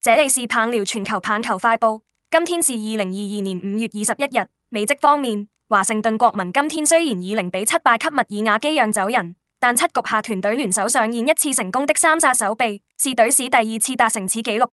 這裏是棒聊全球棒球快報，今天是二零二二年五月二十一日。美職方面，華盛頓國民今天雖然以零比七敗給密爾瓦基釀酒人，但七局下團隊聯手上演一次成功的三殺手臂，是隊史第二次達成此紀錄。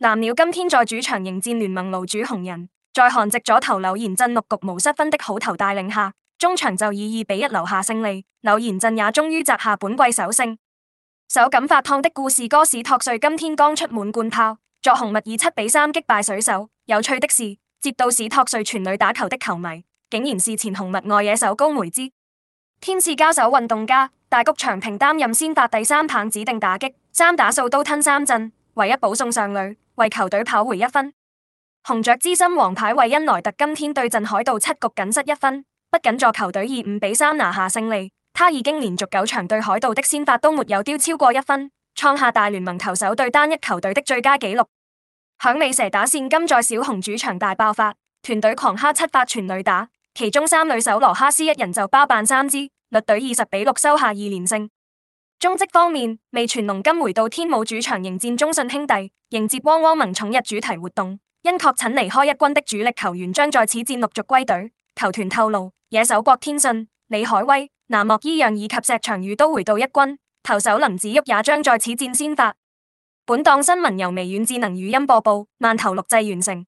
藍鳥今天在主場迎戰聯盟老主紅人，在韓籍左投柳賢鎮六局無失分的好投帶領下，終場就以二比一留下勝利，柳賢鎮也終於摘下本季首勝。手感發燙的故事哥史托瑞今天剛出滿貫炮，作紅襪以七比三擊敗水手。有趣的是，接到史托瑞全壘打球的球迷，竟然是前紅襪外野手高梅茲。天使交手運動家，大谷翔平擔任先發第三棒指定打擊，三打數都吞三振，唯一保送上壘，為球隊跑回一分。紅雀資深王牌韋恩萊特今天對陣海盜七局僅失一分，不僅助球隊以五比三拿下勝利。他已經連續九場對海盜的先發都沒有丟超過一分，創下大聯盟球手對單一球隊的最佳紀錄。響尾蛇打線今在小熊主場大爆發，團隊狂轟七發全壘打，其中三壘手羅哈斯一人就包辦三支，率隊二十比六收下二連勝。中職方面，味全龍今回到天母主場迎戰中信兄弟，迎接汪汪萌寵日主題活動。因確診離開一軍的主力球員將在此戰陸續歸隊，球團透露野手郭天信。李海威、南莫依洋以及石祥宇都回到一軍，投手林子旭也將在此戰先發。本檔新聞由微軟智能語音播報，慢頭錄製完成。